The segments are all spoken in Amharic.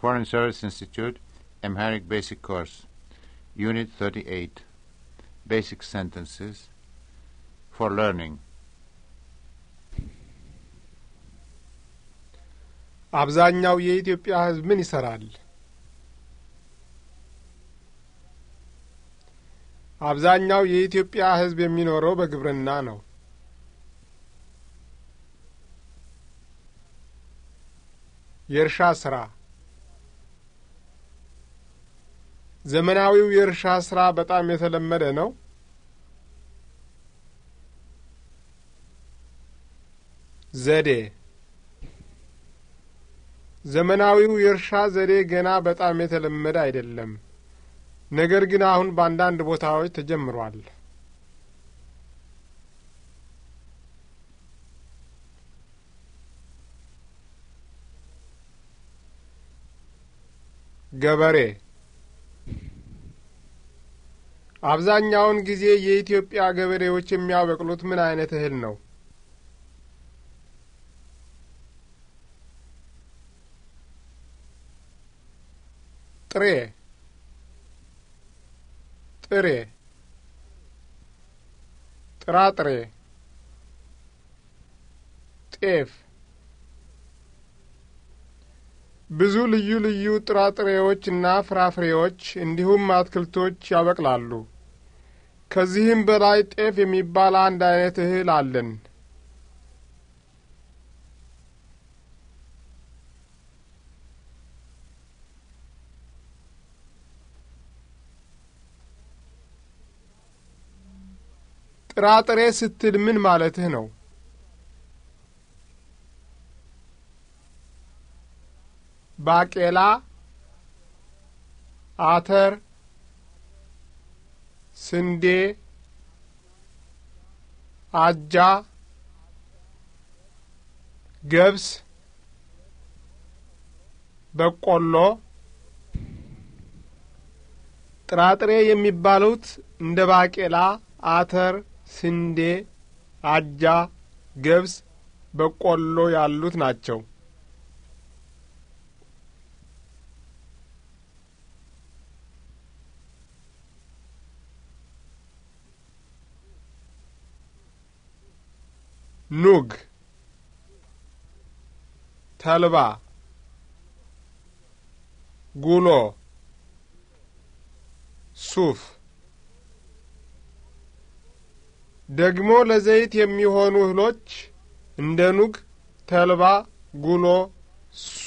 Foreign Service Institute, Amharic Basic Course, Unit 38, Basic Sentences for Learning. አብዛኛው የኢትዮጵያ ሕዝብ ምን ይሰራል? አብዛኛው የኢትዮጵያ ሕዝብ የሚኖረው በግብርና ነው። የእርሻ ስራ ዘመናዊው የእርሻ ስራ በጣም የተለመደ ነው? ዘዴ ዘመናዊው የእርሻ ዘዴ ገና በጣም የተለመደ አይደለም፣ ነገር ግን አሁን በአንዳንድ ቦታዎች ተጀምሯል። ገበሬ አብዛኛውን ጊዜ የኢትዮጵያ ገበሬዎች የሚያበቅሉት ምን አይነት እህል ነው? ጥሬ ጥሬ ጥራጥሬ ጤፍ ብዙ ልዩ ልዩ ጥራጥሬዎች እና ፍራፍሬዎች እንዲሁም አትክልቶች ያበቅላሉ። ከዚህም በላይ ጤፍ የሚባል አንድ አይነት እህል አለን። ጥራጥሬ ስትል ምን ማለትህ ነው? ባቄላ፣ አተር፣ ስንዴ፣ አጃ፣ ገብስ፣ በቆሎ፣ ጥራጥሬ የሚባሉት እንደ ባቄላ፣ አተር፣ ስንዴ፣ አጃ፣ ገብስ፣ በቆሎ ያሉት ናቸው። ኑግ ተልባ ጉሎ ሱፍ ደግሞ ለዘይት የሚሆኑ እህሎች እንደ ኑግ፣ ተልባ፣ ጉሎ፣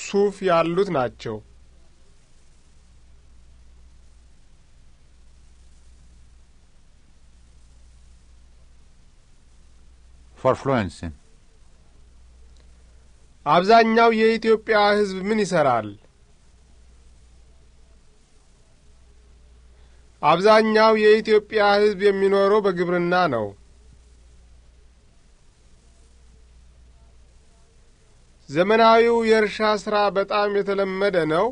ሱፍ ያሉት ናቸው። ፎር ፍሉዌንሲ አብዛኛው የኢትዮጵያ ሕዝብ ምን ይሰራል? አብዛኛው የኢትዮጵያ ሕዝብ የሚኖረው በግብርና ነው። ዘመናዊው የእርሻ ስራ በጣም የተለመደ ነው።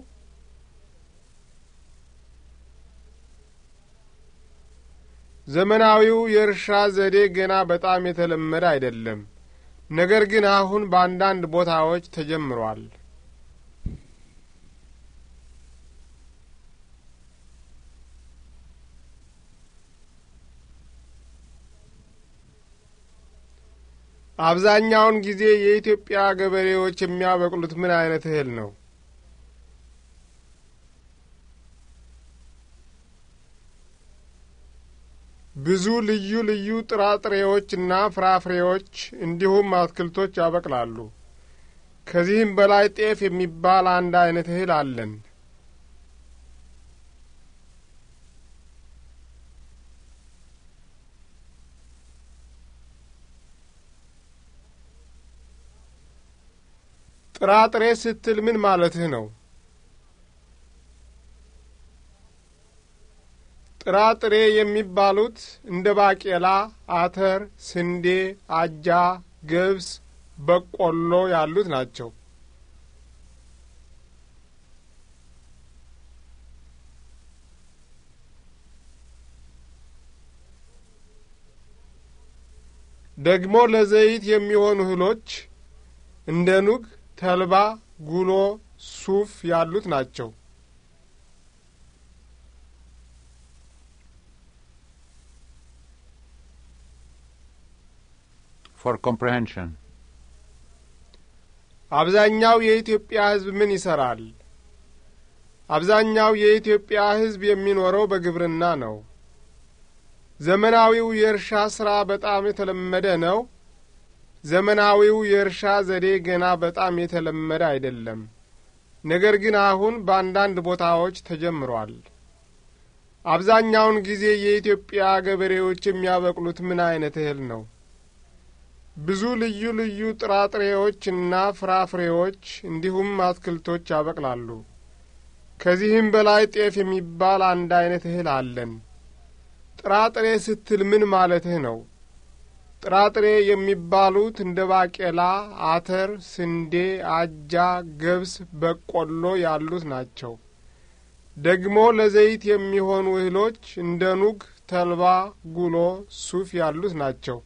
ዘመናዊው የእርሻ ዘዴ ገና በጣም የተለመደ አይደለም። ነገር ግን አሁን በአንዳንድ ቦታዎች ተጀምሯል። አብዛኛውን ጊዜ የኢትዮጵያ ገበሬዎች የሚያበቅሉት ምን አይነት እህል ነው? ብዙ ልዩ ልዩ ጥራጥሬዎችና ፍራፍሬዎች እንዲሁም አትክልቶች ያበቅላሉ። ከዚህም በላይ ጤፍ የሚባል አንድ አይነት እህል አለን። ጥራጥሬ ስትል ምን ማለትህ ነው? ጥራጥሬ የሚባሉት እንደ ባቄላ፣ አተር፣ ስንዴ፣ አጃ፣ ገብስ፣ በቆሎ ያሉት ናቸው። ደግሞ ለዘይት የሚሆኑ እህሎች እንደ ኑግ፣ ተልባ፣ ጉሎ፣ ሱፍ ያሉት ናቸው። for comprehension. አብዛኛው የኢትዮጵያ ሕዝብ ምን ይሰራል? አብዛኛው የኢትዮጵያ ሕዝብ የሚኖረው በግብርና ነው። ዘመናዊው የእርሻ ሥራ በጣም የተለመደ ነው። ዘመናዊው የእርሻ ዘዴ ገና በጣም የተለመደ አይደለም። ነገር ግን አሁን በአንዳንድ ቦታዎች ተጀምሯል። አብዛኛውን ጊዜ የኢትዮጵያ ገበሬዎች የሚያበቅሉት ምን አይነት እህል ነው? ብዙ ልዩ ልዩ ጥራጥሬዎችና ፍራፍሬዎች እንዲሁም አትክልቶች ያበቅላሉ። ከዚህም በላይ ጤፍ የሚባል አንድ አይነት እህል አለን። ጥራጥሬ ስትል ምን ማለትህ ነው? ጥራጥሬ የሚባሉት እንደ ባቄላ፣ አተር፣ ስንዴ፣ አጃ፣ ገብስ፣ በቆሎ ያሉት ናቸው። ደግሞ ለዘይት የሚሆኑ እህሎች እንደ ኑግ፣ ተልባ፣ ጉሎ፣ ሱፍ ያሉት ናቸው።